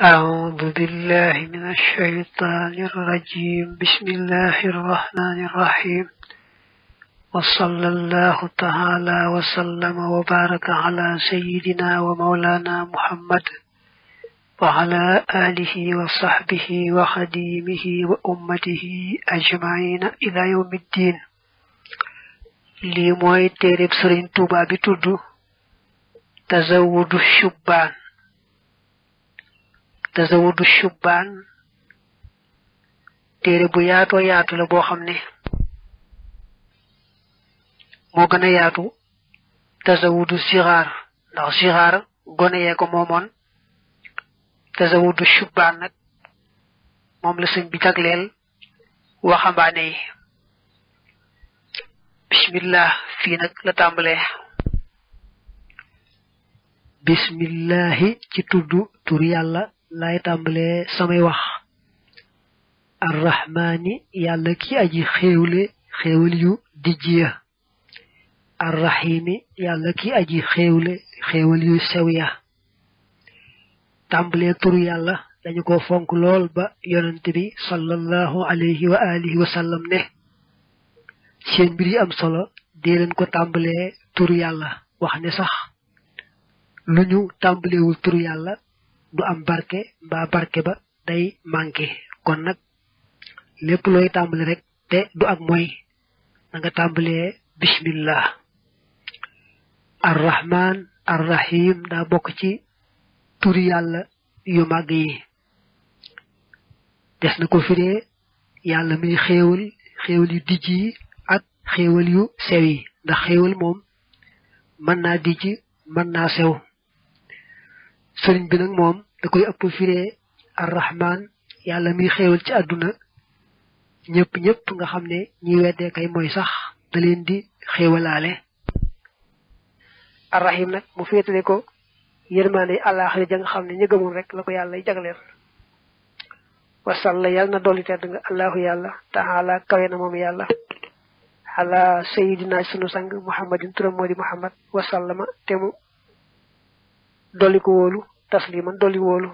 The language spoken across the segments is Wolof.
أعوذ بالله من الشيطان الرجيم بسم الله الرحمن الرحيم وصلى الله تعالى وسلم وبارك على سيدنا ومولانا محمد وعلى آله وصحبه وخديمه وأمته أجمعين إلى يوم الدين لي موي تيرب سرين توبا بتدو تزود الشبان tazawudu shubbaan téere bu yaatoo yaatu la boo xam ne moo gën a yaatu tazawudu sixaar ndax sixaar gone yee ko moomoon tazawudu shubbaan la sëñ bi jagleel waxambaane yi bismillah fii la tàmbalee bismillahi ci tudd tur yàlla lay tambalé samay wax rahmani yalla ki aji xewle xewul yu dijiya rahimi yalla ki aji xewle xewul yu sewiya Tambalé turu yalla dañ ko fonk lol ba yonent ya bi sallallahu alayhi wa alihi wa sallam ne seen biri am solo de len ko tambalé tur yalla ya wax ne sax luñu tambalé wul tur yalla ya du am barke mbaa barke ba day manqué kon nag lépp looy tàmbali rekk te du ak mooy na nga tàmbalee bismillah arrahman arrahim daa bokk ci turi yàlla yu màgg yi des na ko firee yàlla muy xéewal xéewal yu dijj yi ak xéewal yu sew yi ndax xéewal moom mën naa dijj mën naa sew sëriñ bi nag moom da koy ëpp firee arrahman yàlla muy xéewal ci àdduna ñëpp ñëpp nga xam ne ñi kay mooy sax da leen di xéewalaale arrahim nag mu féetale ko yërmaande àllaaxira ja ne ñi gëmul rek la yàlla yàlla na dolli tedd allahu yàlla taala kawe na moom yàlla ala sayidina sunu sang muhammadin turam muhammad wasallama te doli ko wolu tasliman doli wolu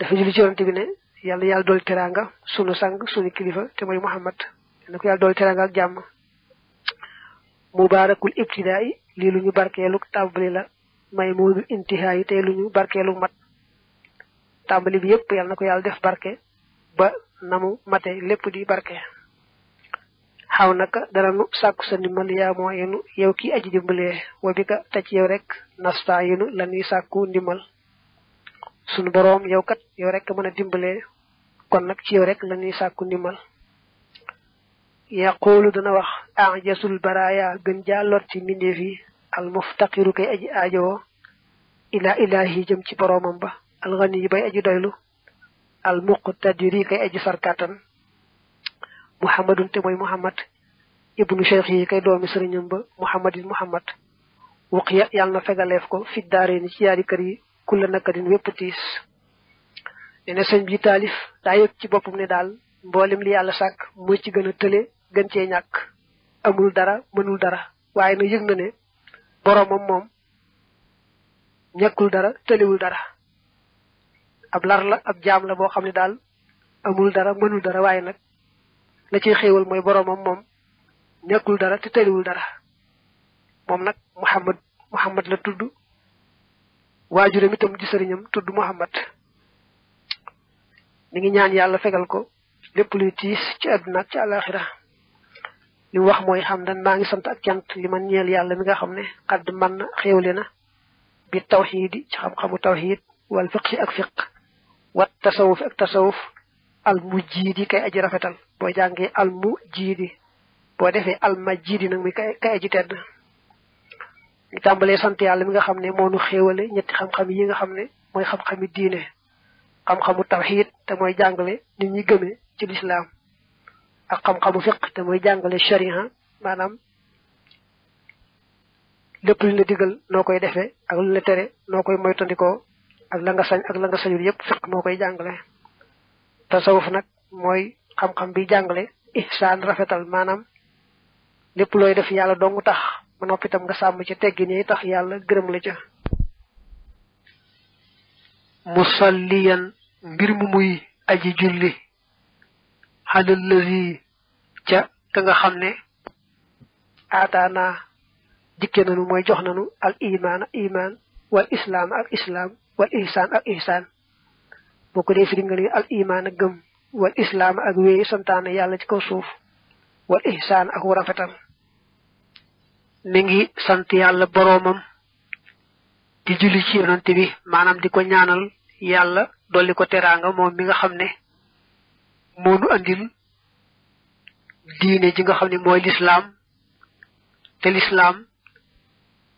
dafa julli ci yonte bi ne yalla yalla dolli teranga sunu sang sunu kilifa te moy muhammad nako yalla dolli teranga ak jamm mubarakul ibtida'i li luñu barkelu tabli la may modu intihai te luñu barkelu mat tabli bi yep yalla nako yalla def barke ba namu mate lepp di barke xaw naka daranu sàkku sa ndimbal yaa moo yenu yow ki aji dimbalee wa bi ka taj yow rek nasta yenu lanuy sàkku ndimbal sunu boroom yow kat yow rek mën dimbalee kon nag ci yow rek lanuy sàkku ndimbal yaquulu dana wax ajasul baraya gën jàlloot ci mbindeef yi al muftaqiru kay aji aajowoo ila ilahi jëm ci boroomam ba al ghani yi bay aji doylu al muqtadiri kay aji sarkatan muhammadun te mooy muhammad ibnu cheikh yi kay doomi sëriñam ba muhammadin muhammad waqiya yàlla na fegaleef ko fit daare ni ci yaari kër yi kulla nakadin wépp tiis nee na bi taalif daa yëg ci boppam ne daal mboolem li yàlla sàkk mooy ci gën a tële gën ce ñàkk amul dara waaye na yëg moom ñàkkul dara tëlewul dara ab lar la ab boo xam ne daal amul dara mënul dara waaye nag la ci xewal moy boromam mom nekul dara te teliwul dara mom nak muhammad muhammad la tuddu wajuram itam ci serignam tuddu muhammad ni ngi ñaan yalla fegal ko lepp luy tiss ci aduna ci alakhirah li wax moy xam dan ma ngi sant ak cant li man ñeel yalla mi nga xamne qad man xewlena bi tawhid ci xam xamu tawhid wal fiqh ak fiqh wat tasawuf ak tasawuf al mujidi kay aji rafetal boo jàngee al mu jiidi boo defee al ma jiidi nag mi kay kay ji tedd ñu tàmbalee sant yàlla mi nga xam ne moo nu xéewale ñetti xam-xam yi nga xam ne mooy xam-xami diine xam-xamu tawxiid te mooy jàngale nit ñi gëme ci lislaam ak xam-xamu fiq te mooy jàngale sharia maanaam lépp lu la digal noo koy defee ak lu la tere noo koy moytandikoo ak la nga sañ ak la nga sañul yépp fiq moo koy jàngale tasawuf nag mooy xam-xam bi jangale ihsan rafetal manam. lepp loy def yalla dong tax ma noppi tam nga sam ci teggini tax yalla gërëm la ci musalliyan mbir mu muy aji julli hal allazi ca ka nga xamne atana dikke nanu moy jox nanu al iman iman wal islam al islam wal ihsan al ihsan boo ko ngali al iman wal islaam ak wéy santaane yàlla ci ko suuf wal ihsaan ak rafetam mi ngi sant yàlla boroomam di julli ci yonante bi maanaam di ko ñaanal yàlla dolli ko teraanga moom mi nga xam ne moo nu andil diine ji nga xam ne mooy lislaam te lislaam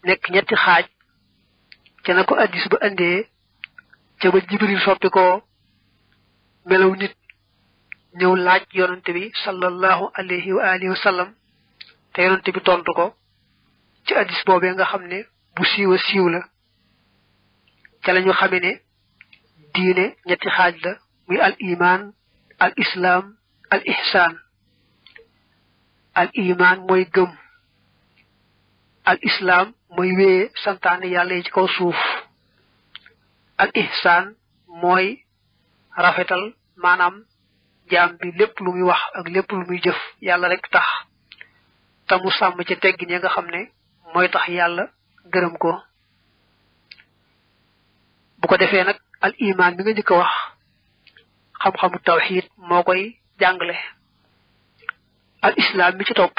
nekk ñetti xaaj ca na ko addis ba indee ca ba jibril ko melaw nit ñëw laaj yonante bi sallallahu alayhi wa alihi wa sallam te yonante bi tontu ko ci addis boobee nga xam ne bu siiwa siiw la ca la ñu xame ne ñetti xaaj la muy al iman al islaam mooy gëm al islaam mooy wéyee santaane yàlla yi ci kaw suuf al ihsaan mooy rafetal maanaam jaam bi lépp lu muy wax ak lépp lu muy jëf yàlla rek tax te mu sàmm ci teggin ya nga xam ne mooy tax yàlla gërëm ko bu ko defee nag al iman bi nga njëkk a wax xam-xamu tawxiid moo koy jàngale al islam mi ci topp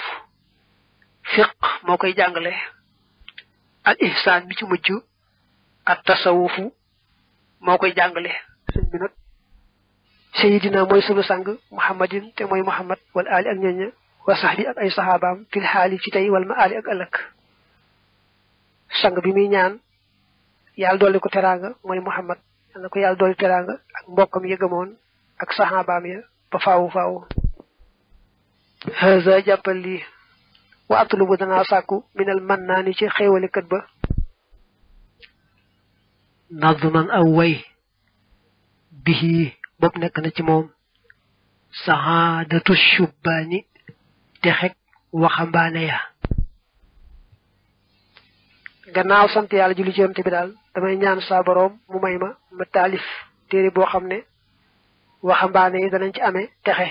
fiq moo koy jàngale al ihsaan mi ci mujj ak tasawufu moo koy jàngale sëñ bi sayidina mooy sunu sang muhammadin te mooy muhammad wal ali ak ñooña wa sahbi ak ay sahabaam fil xaali ci tey wal ma ali ak ëllëg sang bi muy ñaan yàlla dolli ko teraanga mooy muhammad yàlla ko yàlla dolli teraanga ak mbokkam yëgamoon ak sahabaam ya ba faawu faawu haza jàppal lii wa atlubu danaa sàkku minal mannaani ci xéewalikat ba nadman aw way bihi bopp nekk na ci moom saxaadatu shubbaani texeg waxambaane ya gannaaw sant yàlla julli ci yonte bi daal damay ñaan saa boroom mu may ma ma taalif téere boo xam ne waxambaane yi danañ ci amee texe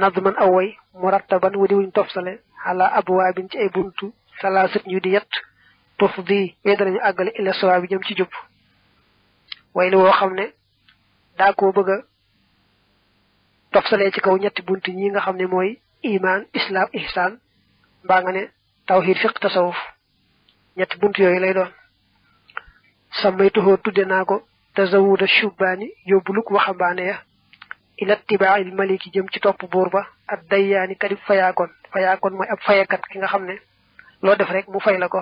nadman aw way murattaban wu di wuñ tofsale ala abwaabin ci ay buntu salaasat ñu di yett tufdi wee danañu àggale illa sawa bi jëm ci jub way li woo xam ne daa koo bëgg a tofsalee ci kaw ñetti bunt ñi nga xam ne mooy iman islam ihsan mbaa nga ne tawhid fiq tasawuf ñetti bunt yooyu lay doon sammaytuhoo tudde naa ko tazawuda shubbaani yóbbuluk waxambaane ya ila tibaail maliki jëm ci topp buur ba ak dayyaani kadib fayaakoon fayaakoon mooy ab fayakat ki nga xam ne loo def rek mu fay la ko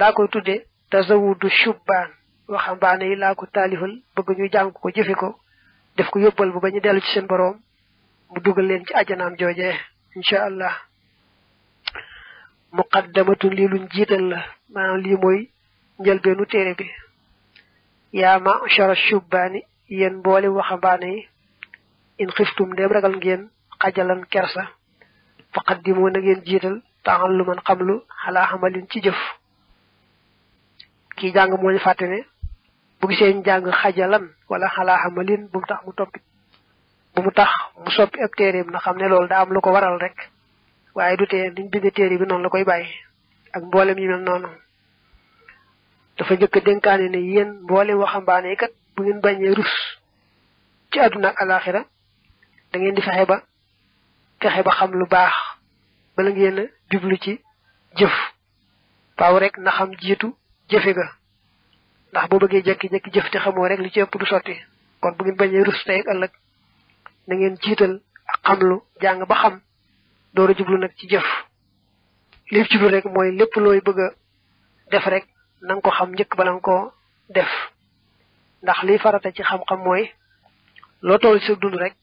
daa koy tudde tazawudu shubbaan waxambaane yi laa ko taalifal bëgg ñu jàng ko jëfe ko def ko yóbbal bu ba ñu dellu ci seen boroom mu dugal leen ci ajanaam joojee incha allah muqaddamatun li luñ jiital la maanaam lii mooy njëlbeenu téere bi yaa ma'shara shubbaani yéen mboole waxambaane yi in xiftum ndem ragal ngeen xajalan kersa faqaddimu na ngeen jiital taaxal lu man xam lu xalaa xamalin ci jëf kii jàng moo ñu bu gisee njàng xajalan wala xalaa amalin bu mu tax mu toppi bu mu tax mu soppi ab téeréem na xam ne loolu daa am lu ko waral rek waaye du tee niñ bind téere bi noonu la koy bàyyi ak mboolem yi mel noonu dafa jëkk dénkaane ne yéen mboolem waxambaane kat bu ngeen bañee rus ci àdduna ak alaxira da di fexe ba fexe ba xam lu baax bala ngeen a jublu ci jëf faaw rek na xam jiitu jëfe ga ndax boo bëggee jekki-jekki jëf te xamoo rek lu ci ëpp du sotti kon bu ngeen bañee rus tey ak ëllëg na ngeen jiital ak xamlu jàng ba xam door a jublu nag ci jëf li ci jublu rek mooy lépp looy bëgg a def rek na ko xam njëkk bala nga koo def ndax liy farata ci xam-xam mooy loo tool ci sa rek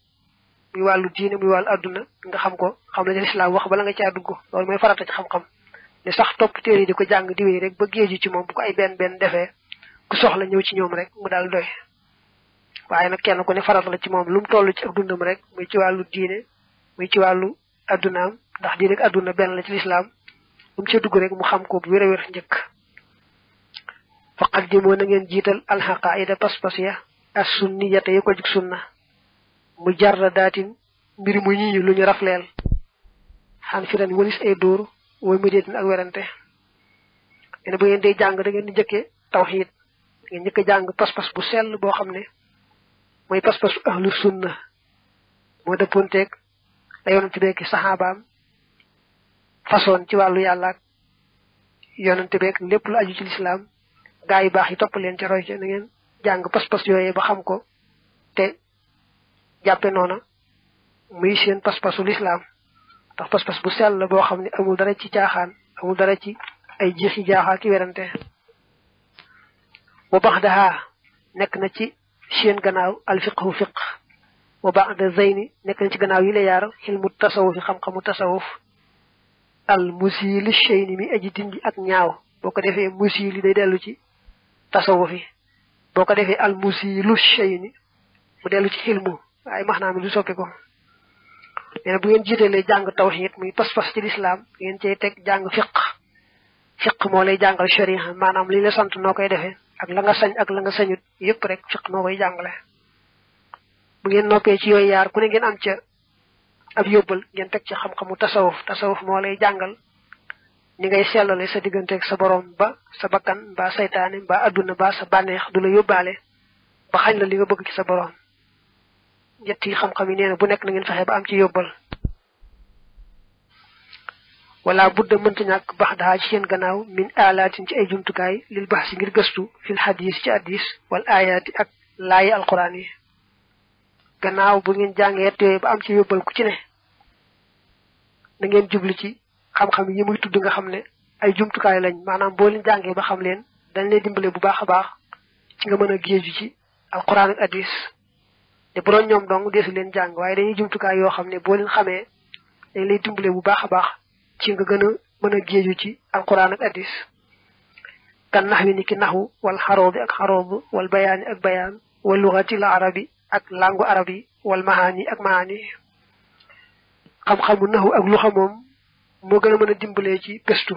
muy wàllu diine muy wàllu adduna nga xam ko xam la lislaam wax bala nga caadu ko loolu mooy farata ci xam-xam ne sax topp téere yi di ko jàng di wéy rek ba géeju ci moom bu ko ay benn benn defee soxla ñëw ci ñoom rek mu daal doy waaye nag kenn ko ne farata la ci moom lu mu ci ab dundam rek muy ci wàllu diine muy ci wàllu addunaam ndax diine ak adduna benn la ci lislaam lu mu dugg rek mu xam ko bu wér a njëkk faqat dimoo na ngeen jiital alxaqaida pas-pas ya as sunniyata ya ko jug sunna mu jarra daatin mbir mu ñiñu lu ñu rafleel xan firan walis ay dóor wooy mu deetin ak werante mene bu ngeen dee jàng dangeen ngeen di njëkkee tawxiid nga njëkk a jàng pas-pas bu sell boo xam ne mooy pas-pas ahlu na moo dëppoonteeg la yonante beeg i façon ci wàllu yàlla ak yonante lépp la aju ci lislaam gaa baax yi topp leen ci roy ci ngeen jàng pas-pas yooyee ba xam ko te jàppe noona muy seen pas-pasu lislaam ndax pas-pas bu sell boo xam ne amul dara ci caaxaan amul dara ci ay jeexi jaaxaa ki werante wa baxdaha nekk na ci seen gannaaw alfiqhu fiq wa de zeyni nekk na ci gannaaw yi la yaar xilmu tasawuf xam-xamu tasawuf al musili cheyni mi aji dindi ak ñaaw boo ko defee musili day dellu ci tasawuf yi boo ko defee al musilu cheyni mu dellu ci xilmu waaye max naa mi du soppi ko nee na bu ngeen jiitalee jàng tawxiid muy pas-pas ci lislaam ngeen cey teg jàng fiq fiq moo lay jàngal sharia maanaam li la sant noo koy defee ak la nga sañ ak la nga sañut yëpp rek fiq moo koy jàngale bu ngeen noppee ci yooyu yaar ku ne ngeen am ca ab yóbbal ngeen teg ci xam-xamu tasawuf tasawuf moo lay jàngal ni ngay sellale sa digganteeg sa borom ba sa bakkan mbaa saytaane mbaa adduna ba sa bànneex du la yóbbaale ba xañ la li nga bëgg ci sa borom ñetti xam-xam yi bu nekk na ngeen fexe ba am ci yóbbal wala budda mënta ñàkk bax daxaa ci seen gannaaw min alaatin ci ay jumtukaay lil bax si ngir gëstu fil xadis ci addis wal ayaati ak laayi alquran yi gannaaw bu ngeen jàngee te ba am ci yóbbal ku ci ne da ngeen jublu ci xam-xam yi nga xam ne ay jumtukaay lañ maanaam boo leen jàngee ba xam leen dañ lay dimbale bu baax a baax ci nga mën a géeju ci alquran ak addis te bu ñoom dong deesu leen jàng waaye dañuy jumtukaay yoo xam ne boo leen xamee dañ lay dimbale bu baax a baax ci nga gën a mën a géeju ci alquran ak addis kan nax wi ni ki naxwu wal xaroobi ak xaroob wal bayaani ak bayaan wal luxatil arabi ak langu arab yi wal mahaani ak mahaani xam-xamu naxu ak luxa moom moo gën a mën ci gëstu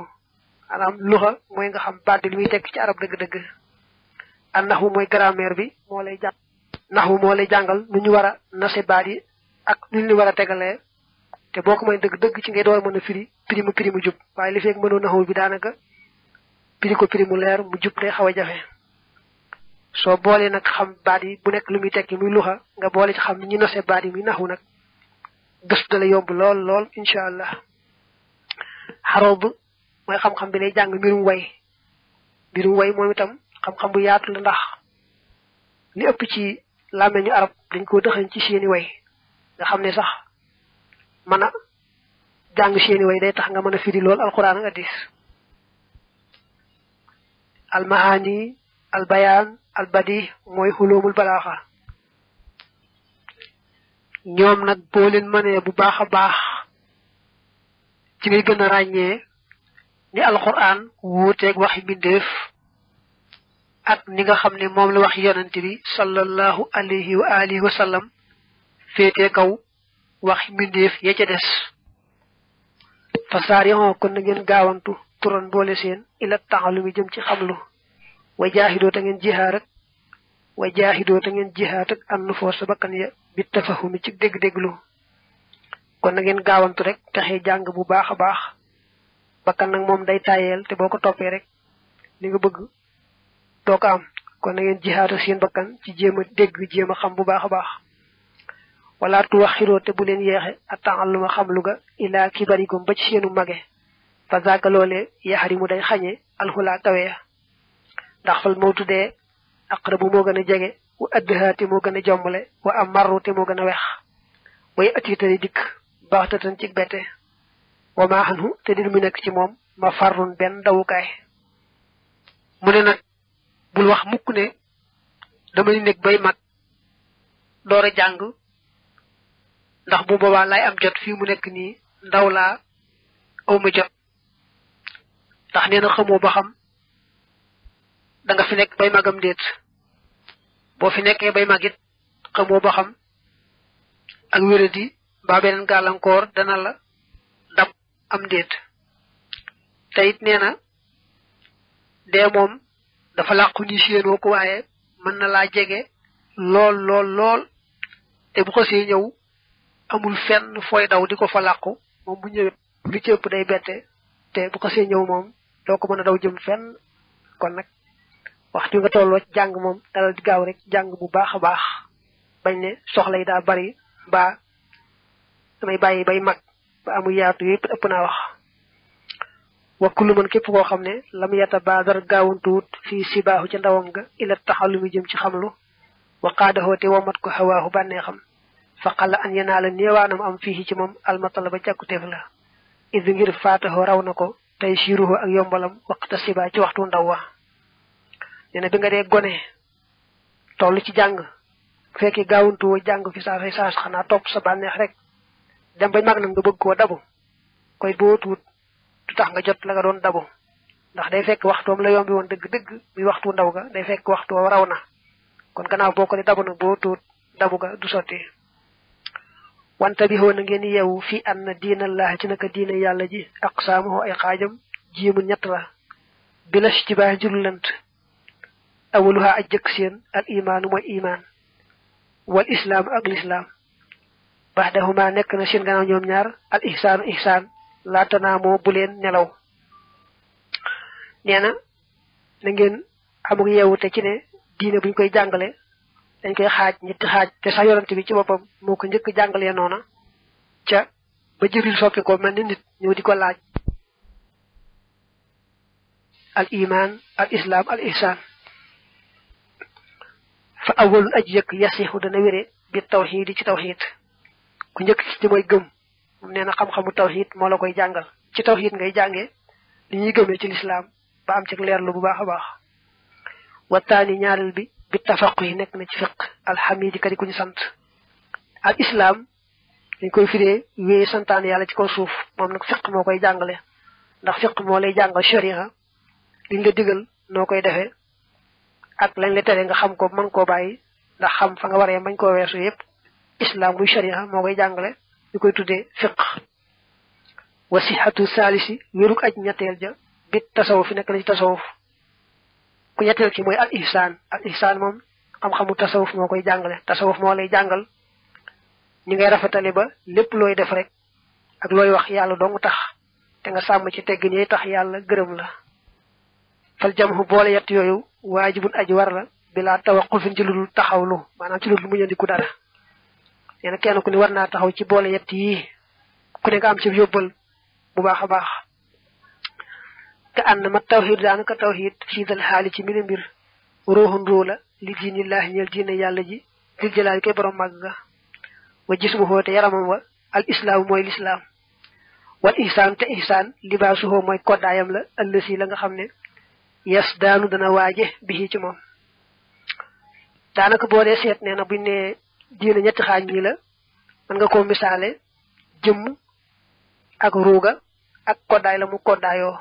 maanaam luxa mooy nga xam baat bi li tekk ci arab dëgg-dëgg ak naxu mooy grammaire bi moo lay jàng naxu moo lay jàngal nu ñu war a nase baat yi ak nu ñu war a tegalee te boo ko may dëgg dëgg ci ngay door mën a firi prix mu prix mu jub waaye li feeg mënoon naxawul bi daanaka prix ko prix mu leer mu jub day xaw a jafe soo boolee nag xam baat yi bu nekk lu muy tekki muy luxa nga boole ci xam ñi nose baat yi muy naxu nag gëstu dala yomb lool lool incha allah xaroob mooy xam-xam jàng mbirum way mbirum way moom itam xam-xam bu yaatu ndax ëpp ci làmmeñu arab dañ koo dëxañ ci seeni way nga xam ne sax mën a jàng seeni way day tax nga mën a firi lool alquran ak hadis almaani albayaan albadi mooy xulóomul balaaxa ñoom nag boo leen bu baax a baax ci ngay gën a ràññee ni alquran wuuteeg waxi mbindeef ak ni nga xam ne moom la wax yonent bi sallallahu wa alihi wa sallam kaw wax mindeef ya ca des fa saariho kon ngeen gawantu turan bole sen ila taxalumi jëm ci xamlu wa wajah ta ngeen jihaar ak wa jaahidoo ta ngeen jihaat ak annu fo ya bi tafahumi ci deg deglu kon ngeen gawantu rek taxé jang bu baax a baax bakkan nak mom day tayel te boko ko rek li nga bëgg doo kon ngeen seen bakkan ci jema deg xam bu wala tuwaxiroo te bu leen yeexe a taalluma xamlu ga ilaa kibarigum ba ci seenu mage fa zaaka loolee yaxari mu day xañe alxulaa kawe ndax fal moo tuddee aqrabu moo gën a jege wa addaha te moo gën a jombale wa am marru te moo gën a weex way atiitani dikk baxtatan ci bette wa maa xanhu te dir mu nekk ci moom ma farrun benn dawukaay mu ne nag bul wax mukk ne damay nekk bay mag door a jàng ndax bu boobaa lay am jot fii mu nekk nii ndaw laa awma jot ndax nee na xamoo ba xam da fi nekk bay magam déet boo fi nekkee bay mag it ba xam ak wéradi mbaa beneen gàllankoor dana la dab am déet te it nee na dee moom dafa làqu ni séenoo ko waaye mën na laa jege lool lool lool te bu xasee ñëw amul fenn fooy daw di ko fa làqu moom bu ñëwee lu ci ëpp day bette te bu ko see ñëw moom doo ko mën a daw jëm fenn kon nag waxtu nga tolloo ci jàng moom dalal di gaaw rek jàng bu baax a baax bañ ne soxla yi daa bari ba damay bàyyi bay mag ba amu yaatu yépp ëpp naa wax wa kullu man képp koo xam ne lam yata baadar gaawuntuwut fii sibaahu ca ndawam ga ila taxalumi jëm ci xamlu wa qaadahoo te womat ko xawaahu bànnee xam faqala an yanaala néewaanam am fii ci moom almatala ba càkkuteef la id ngir faataxoo raw na ko tey siiruhu ak yombalam waqta ci waxtu ndaw wa nee bi nga dee gone toll ci jàng fekki gaawuntuwoo jàng fi saasay saas xanaa topp sa bànneex rek dem bañ mag nag nga bëgg koo dabu koy boo tuut du tax nga jot la nga doon dabu ndax day fekk waxtoom la yombi woon dëgg-dëgg muy waxtu ndaw ga day fekk waxtu raw na kon gannaaw boo ko di dabu nag boo tuut dabu ga du sotti wante bi na ngeen yeewu fi anna diinallaahi ci naka diina yàlla ji ak aqsaamuhu ay xaajam jiimu ñett la bilas ci baax julu lant awaluha aj jëkk seen al mooy imaan wal islaam ak lislaam baxdahuma nekk na seen gannaaw ñoom ñaar al ihsaanu ihsaan laatanaa moo bu leen nelaw nee na na yeewu te ci ne diine buñ koy jàngale dañ koy xaaj ñetti xaaj te sax yonante bi ci boppam moo ko njëkk jàngalee noona ca ba jibril soppi ko mel ni nit ñëw di ko laaj al iman al islam al ihsan fa awalun aj yëkk yasihu dana wére bi tawxiid yi ci tawxiid ku njëkk ci ci mooy gëm moom na xam-xamu tawxiid moo la koy jàngal ci tawxiid ngay jàngee li ñuy gëmee ci lislaam ba am ci leerlu bu baax a baax wa taani bi bi tafaq yi nekk na ci fiq alxamidi kadi ku ñu sant al islam dañ koy fide wéy santaan yàlla ci kaw suuf moom nag fiq moo koy jàngale ndax fiq moo lay jàngal sharia liñ la digal noo koy defee ak lañ la tere nga xam ko mën koo bàyyi ndax xam fa nga waree bañ koo weesu yépp islam muy sharia moo koy jàngale ñu koy tuddee fiq wasihatu salisi wéruk aj ñetteel ja bit tasawuf fi nekk na ci tasawuf ku ñetteel ki mooy am ihsaan al ihsaan moom xam-xamu tasawuf moo koy jàngale tasawuf moo lay jàngal ñi ngay rafetali ba lépp looy def rek ak looy wax yàlla dong tax te nga sàmm ci teggin yi tax yàlla gërëm la fal jamhu boole yett yooyu waajibun aji war la bilaa tawaqufin ci lu taxaw taxawlu maanaam ci lu dul mu ñëndiku dara nee na kenn ku ne war taxaw ci boole yett yi ku ne nga am ci yóbbal bu baax a baax ka ànd ma tawxiid daanaka tawxiid siidal xaali ci mbiri mbir ruuxun ruu la li diinillaahi ñeel diine yàlla ji dil jalaali koy borom màgg nga wa gis mu xoote yaramam wa al mooy lislaam wal ihsaan te ihsaan libaasuhoo mooy koddaayam la ëllësi la nga xam ne yes daanu dana waaje bi ci moom daanaka boo dee seet nee buñ ne diine ñetti xaaj ñi la mën nga koo misaale jëmm ak ruuga ak koddaay la mu koddaayoo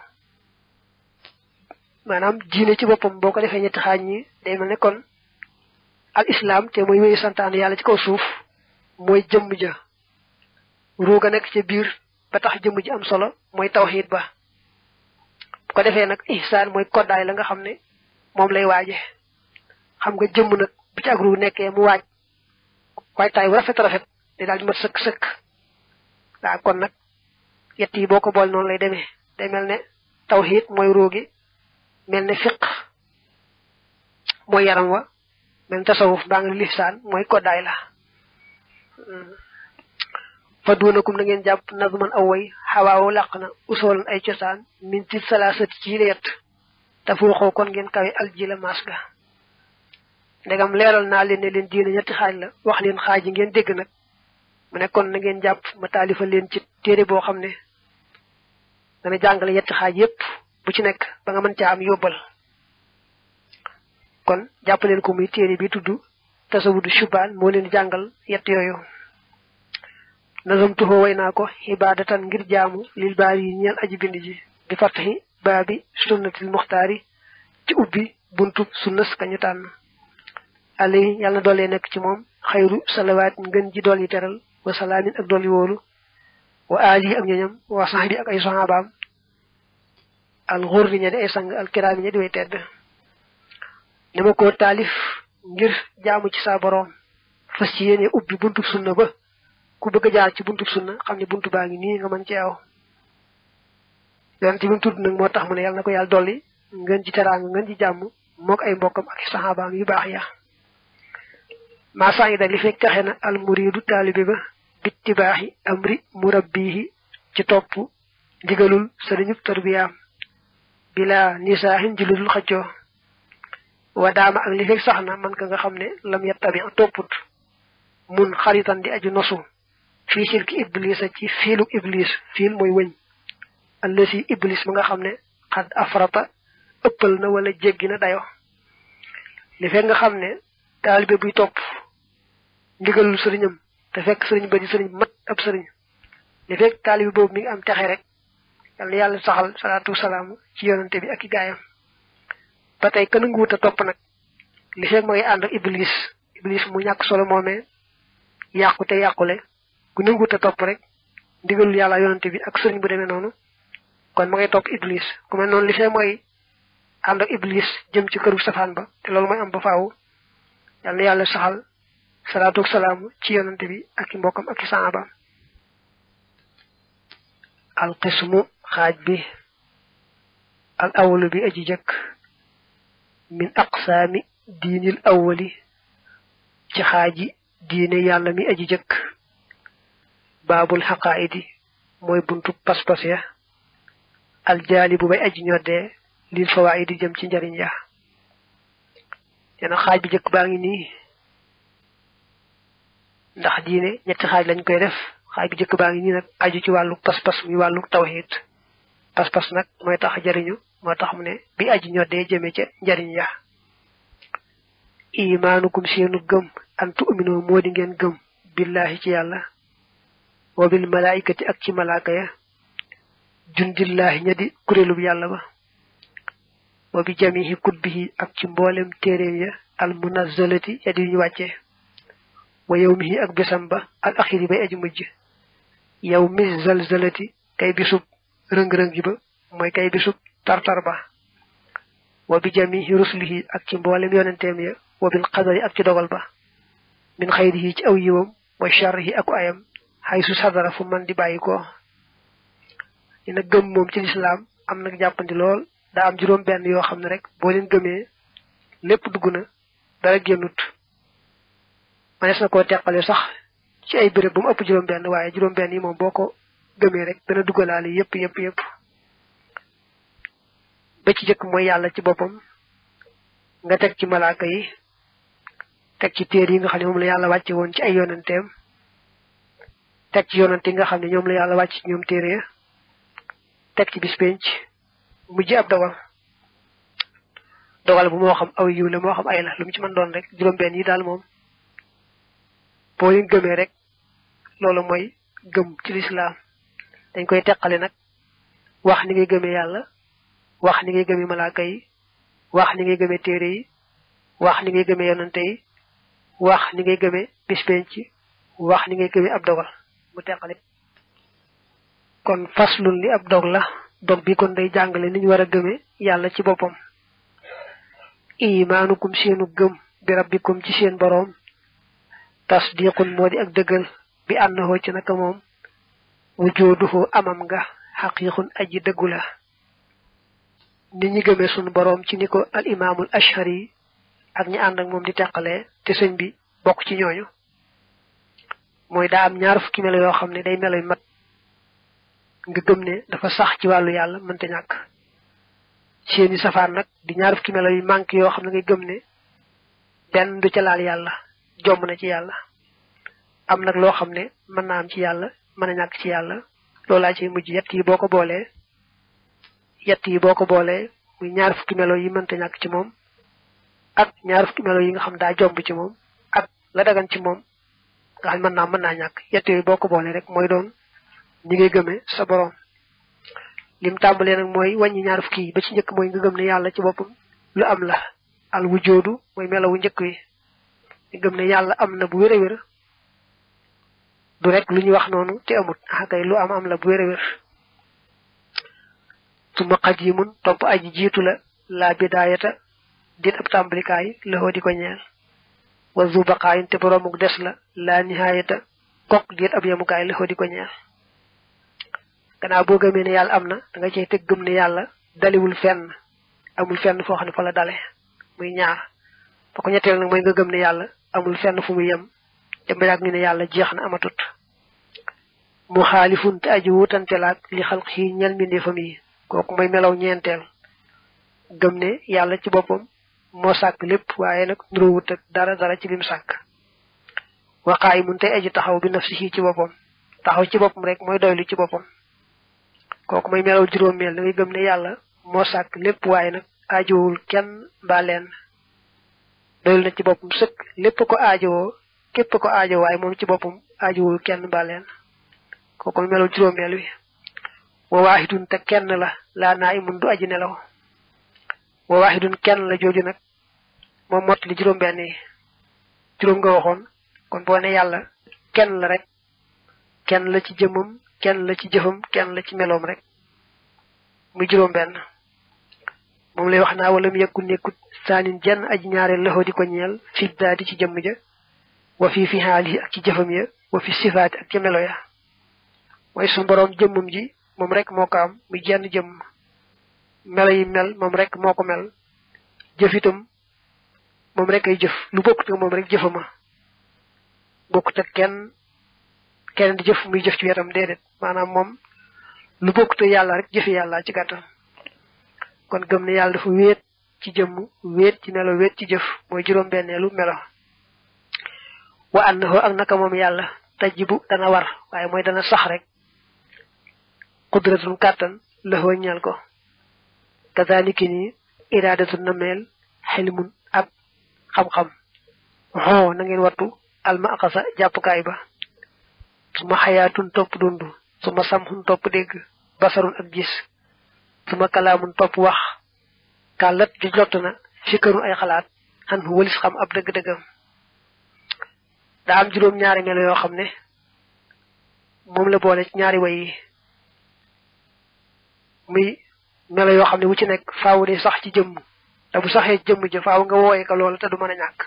maanaam diine ci boppam boo ko defee ñetti xaaj ñi day mel ne kon al islam yàlla ci kaw suuf mooy jëmm ja ruuga nekk ca biir ba tax jëmm ji am solo mooy tawxiid ba bu ko defee nag ihsaan mooy koddaay la nga xam ne moom lay waaje xam nga jëmm nag bu ci ak nekkee mu waaj waaj taay rafet rafet day daal di mat sëkk sëkk waaw kon nag yett yi boo ko boole noonu lay demee day mel ne tawxiid mooy ruu mel ne fiq mooy yaram wa mel ne tasawuf baa nga lihsaan mooy kodaay la fa duunakum na ngeen jàpp nazman aw way xawaawu làq na usoolan ay cosaan min ci salaasati ci la yett tafuuxoo kon ngeen kawe al ji la maas ga ndegam leeral naa leen leen diina ñetti xaaj la wax leen xaaj yi ngeen dégg nag mu ne kon na ngeen jàpp ma taalifa leen ci téere boo xam ne dana jàngale ñetti xaaj yépp bu ci nekk ba nga mën caa am yóbbal kon jàppaleen ko muy téere bi tudd tasawudu shubaan moo leen jàngal yett yooyu nazamtuhu way naa ko ibaadatan ngir jaamu lil baari yi ñeel aji bind ji bi fatahi baabi sunnatil muxtaari ci ubbi buntu sunnas ñu tànn alay yàlla na nekk ci moom xayru salawaat ngeen ji dool yi teral wa salaamin ak dool yi wóolu wa aali ak ñoñam wa saxbi ak ay soxaabaam al ghurri ñe ay sang al kirami ñe di way tedd dama ko talif ngir jaamu ci sa borom fas ubbi buntu sunna ba ku bëgg jaar ci buntu sunna xamni buntu baangi ni nga man ci yaw yonent bi tudd nak motax mu ne yalla nako yalla dolli ngeen ci teranga ngeen ci jamm mok ay mbokam ak sahaba yu bax ya ma da li fek taxena al muridu talibi ba bittibahi amri murabbihi ci top digalul serigne tarbiyam bila nisaahin ci ludul xëccoo wa daama ak li sax na man ka nga xam ne lam yettabi topput mun xaritan di aju nosu fii silki iblis a ci fiilu iblis fiil mooy wëñ allasi iblis ma nga xam ne xad afrata ëppal na wala jéggi na dayo li nga xam ne taalibe buy topp ndigalul sëriñam te fekk sëriñ ba di sëriñ mat ab sëriñ li fekk taalibe boobu mi ngi am texe rek yalla yalla saxal salatu salam ci yonante bi ak gayam, batay kan nguuta top nak li fek moy and iblis iblis mu ñak solo momé yaqku te yaqule ku nguuta top rek digal yalla yonante bi ak serigne bu démé nonu kon ma ngay top iblis ku mel non li fek moy and iblis jëm ci keuru safan ba te lolu moy am ba faaw yalla yalla saxal salatu salam ci yonante bi ak mbokam ak sahaba al qismu xaaj bi al awalu bi aji jëkk min aqsaami diinil awali ci xaaji diine yàlla mi aji jëkk baabul xaqaayidi mooy buntu pas-pas ya aljaali bu bay aji ñoddee lil fawaayidi jëm ci njariñ ya dena xaaj bi jëkk baa ngi nii ndax diine ñetti xaaj lañ koy def xaaj bi jëkk baa ngi nii nag aju ci wàllu pas-pas muy wàllu tawxiid pas-pas nag mooy tax jariñu moo tax mu ne bi aji ñoddee jëme ca njariñ ya imaanukum seenu gëm an tu'minoo moo di ngeen gëm billaahi ci yàlla wa bil malaayikati ak ci malaaka ya jundillaahi ña di kuréelub yàlla ba wa bi jamihi kutbihi ak ci mboolem téeréem ya al ya di ñu wàccee wa yawmihi ak bisam ba al axiri bay aji mujj yow mi zalzalati kay bisub rëng-rëng yi ba mooy kay bisub tartar ba wa bi jamihi rusulihi ak ci mboolem yonenteem ya wa bil qadari ak ci dogal ba min xayrihi ci aw yiwam wa sharrihi ak ayam xay su sadara fu man di bàyyi ko li nag gëm moom ci lislaam am nag jàppandi lool daa am juróom benn yoo xam ne rek boo leen gëmee lépp dugg na dara génnut manees na koo teqale sax ci ay béréb ba mu ëpp juróom benn waaye juróom benn yi moom boo ko gëmee rek dana dugalaale yépp yépp yépp ba ci jëkk mooy yàlla ci boppam nga teg ci malaaka yi teg ci téer yi nga xam ne moom la yàlla wàcce woon ci ay yonanteem teg ci yonante nga xam ne ñoom yàlla wàcc ci ñoom téere ya teg ci bis penc mujj ab dogal dogal bu moo xam aw yiw la moo xam ay la lu mu ci man doon rek juróom-benn yi daal moom boo leen gëmee rek loolu mooy gëm ci lislaam dañ koy teqale nag wax ni ngay gëme yàlla wax ni ngay gëmee malaaka yi wax ni ngay gëmee téere yi wax ni ngay gëmee yonante yi wax ni ngay gëmee bis penc wax ni ngay gëmee ab dogal mu teqale kon faslun li ab dog la dog bi kon day jàngale ni ñu war a gëmee yàlla ci boppam imaanukum seenu gëm bi rabbikum ci seen boroom tasdiqun moo di ak dëggal bi ànnaxoo ci naka moom wujuduhu amam nga xaqiqun aji dëggu la ni ñi gëmee sunu boroom ci ni ko al imaamul ashari ak ñi ànd ak moom di teqalee te sëñ bi bokk ci ñooñu mooy daa am ñaar fukki melo yoo xam ne day melo yu mat nga gëm ne dafa sax ci wàllu yàlla mënta ñàkk seeni safaan nag di ñaar fukki melo yu manqué yoo xam ne ngay gëm ne benn du ca laal yàlla jomm na ci yàlla am nag loo xam ne mën naa am ci yàlla mën ñak ñàkk ci yàlla loolaa ci mujj yett yi boko ko yett yi boko ko muy ñaar fukki melo yi mënta ñak ci mom ak ñaar fukki melo yi nga xam da jomb ci mom ak la dagan ci mom nga xam mën naa mën yett yi boko ko rek moy doon ñi ngay gëmé sa borom lim tambalé nak moy wañi ñaar fukki ba ci ñëk moy nga gëm ne yalla ci bopum lu am la al wujudu moy melawu ñëk yi gëm ne yalla amna na bu wéré wéré du rek lu ñuy wax noonu te amut xakay ah, lu am am la bu wér a wér suma xajimun topp aji jiitu la laa bidaayata dit ab tàmbalikaay loxoo di ko ñeel wa zu baqaayin te boroomuk des la laa nihaayata kok dit ab yemukaay loxoo di ko ñeel gannaaw boo gëmee ne yàlla am na da nga cey gëm ne yàlla daliwul fenn amul fenn foo xam ne fa la dale muy ñaar ba ñetteel nag mooy nga gëm ne yàlla amul fenn fu muy yem te ba ñu ne yàlla jeex na amatut mu xaalifun te aji wutante laag li xalq yi ñal mbindeefam yi kooku may melaw ñeenteel gëm ne yàlla ci boppam moo sàkk lépp waaye nag wut ak dara dara ci lim sàkk waxaay mun tey aji taxaw bi nafsihi ci boppam taxaw ci boppam rek mooy doylu ci boppam kooku may melaw juróomeel da ngay gëm ne yàlla moo sàkk lépp waaye nag aajowul kenn mbaa lenn doylu na ci boppam sëkk lépp ko aajowoo képp ko aajo waaye moom ci boppam aajowul kenn mbaa leen kooku lu melul juróomeel wi wa te kenn la laa naa imun du aji nelaw wa kenn la jooju nag moom mott li juróom benn yi juróom yàlla kenn la rek kenn la ci jëmmam kenn la ci jëfam kenn la ci meloom rek muy juróom benn moom lay wax naa wala mu yëkkul nekkut saanin jenn aji ñaareel loxo di ko ñeel fii daal ci jëmm ja wa fi hali ak ci jëfam ya wa fi sifaat ak ci melo ya way sun borom jëmum ji mom rek moko am mi jenn jëm melo yi mel mom rek moko mel jëfitam mom rek ay jëf lu bokku mom rek jëfama bokku ta kenn kenn di jëf muy jëf ci wetam dedet manam mom lu bokku ta yalla rek jëfi yalla ci gatta kon gëm ni yalla dafa wéet ci jëm wéet ci melo wéet ci jëf mooy melo wa annahu ak naka mom yalla tajibu dana war waye moy dana sax rek qudratun katan la ho ñal ko kazaliki ni iradatun namel hilmun ab xam xam ho na ngeen wattu al maqasa japp kay ba suma hayatun top dundu suma samhun top deg basarun ak gis suma kalamun top wax kalat di jotna keru ay xalaat han walis xam ab deug deugam daa am juróom ñaari melo yoo xam ne moom la boole ñaari way yi muy melo yoo xam ne wu ci nekk faaw de sax ci jëmm te bu saxee ci jëmm ja faaw nga wooye ko loola te du mën a ñàkk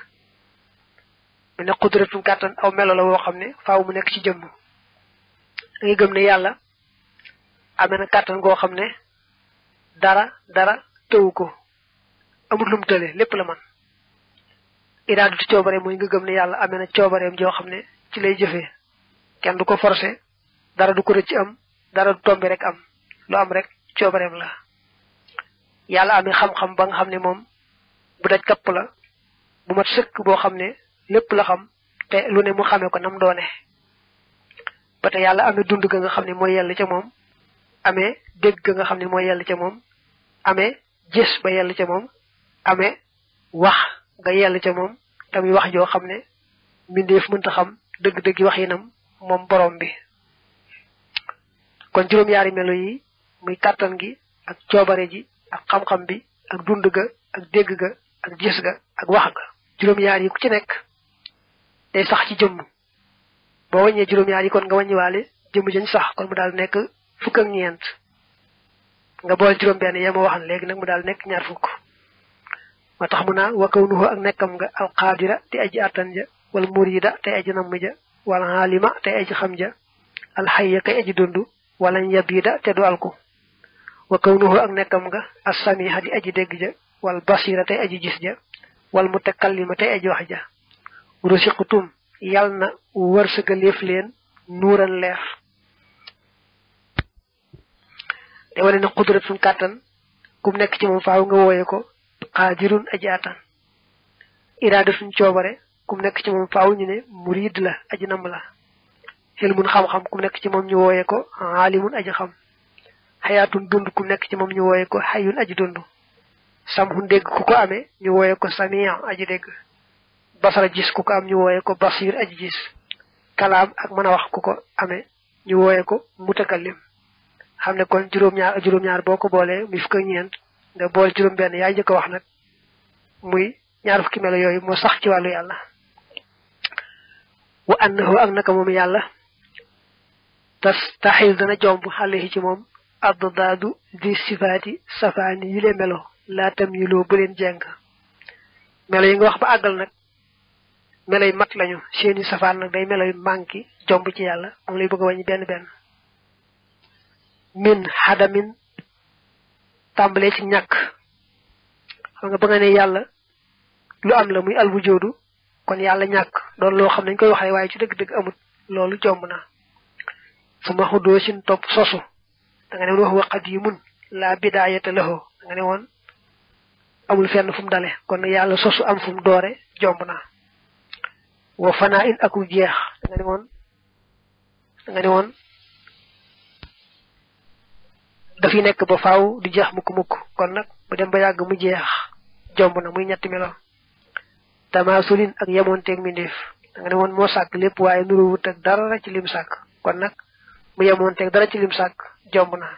mu ne xudratun kàttan aw melo la woo xam ne faaw mu nekk ci jëmm da ngay gëm ne yàlla amee na kàttan goo xam ne dara dara tëwu ko amul lum tële lépp la man iraadatu coobare mooy nga gëm ne yàlla amee na coobareem joo xam ne ci lay jëfee kenn du ko forcé dara du ko rëcc am dara du tombi rek am lu am rek coobareem la yàlla amee xam-xam ba nga xam ne moom bu daj kapp la bu mat sëkk boo xam ne lépp la xam te lu ne mu xamee ko nam doone ba te yàlla amee dund ga nga xam ne mooy yàlla ca moom amee dégg ga nga xam ne mooy yàlla ca moom ame gis ba yàlla ce moom ame wax nga yell ca moom tamit wax joo xam ne mbindeef mënta xam dëgg-dëgg waxinam moom borom bi kon juróom-ñaari melo yi muy kàttan gi ak coobare ji ak xam-xam bi ak dund ga ak dégg ga ak gis ga ak wax ga juróom-ñaar yi ku ci nekk day sax ci jëmm boo wàññee juróom-ñaar yi kon nga wàññiwaale jëmm jañ sax kon mu daal nekk fukk ak ñeent nga boole juróom benn ya ma waxan léegi nag mu daal nekk ñaar fukk motax mu naan wa kawnuhu ak nekkam nga al qadira te aji atan ja wal murida te aji nam ja wal halima te aji xam ja al hayya kay aji dundu wala yabida te du alku wa kawnuhu ak nekkam nga as di aji deg ja wal basira te aji gis ja wal mutakallima te aji wax ja rusiqtum yalna wërsegalef leen nuuran lef de wala na qudratun katan kum nek ci mom faaw nga xaadirun aji attan iraada suñ coobare kum nekk ci moom faaw ñu ne murid la aji namm la ilmun xam-xam kum nekk ci moom ñu wooye ko aalimun aji xam xayaatun dund kum nekk ci moom ñu wooye ko xayun aji dund samhun dégg ku ko amee ñu wooye ko samiyan aji dégg basara gis ku ko am ñu wooye ko basir aji gis kalaam ak mën a wax ku ko amee ñu wooye ko mutakallim xam ne kon juróom-ñaar juróom-ñaar boo ko boolee mi fukk ak ñeent nga boole juróom benn yaa njëkk wax nag muy ñaar fukki melo yooyu moo sax ci wàllu yàlla wa annahu ak naka moom yàlla tas taxil dana jomb xale ci moom addadaadu di sifaati safaani yile melo laatam yi loo bu leen jeng melo yi nga wax ba àggal nag melo yi mat lañu seeni safaan nag day melo yu manki jomb ci yàlla moom lay bëgg a wàññi benn benn min xadamin tàmbalee ci ñàkk xam nga ba nga ne yàlla lu am la muy alwujoodu kon yàlla ñàkk doon loo xam nañ koy waxee waaye ci dëgg-dëgg amut loolu jomb na su ma xuddoo sin topp sosu da nga ne woon wax waqat yi mun laa bidaayata laxoo da nga fenn fu mu dale kon yàlla sosu am fu mu doore jomb na wa fanaa in aku jeex da nga ne woon fi nek ba faaw di jeex mukk mukk kon nak bu dem ba yag mu jeex jomb na muy ñetti melo tamasulin ak ak mindeef da nga won mo sak lepp waye nuru wut ak dara ci lim sak kon nag mu ak dara ci lim sak jomb na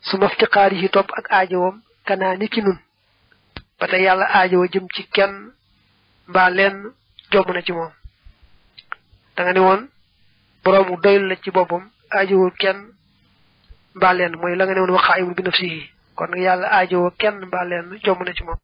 su maftiqarihi top ak aajowam kana niki nun bata yalla yàlla jëm ci kenn ba len jomb na ci mom da nga ni won borom doyul la ci kenn mbaa lenn mooy la nga ne woon wa xaayibun bi nafsihi kon yàlla aajowoo kenn mbaa lenn jomm na ci moom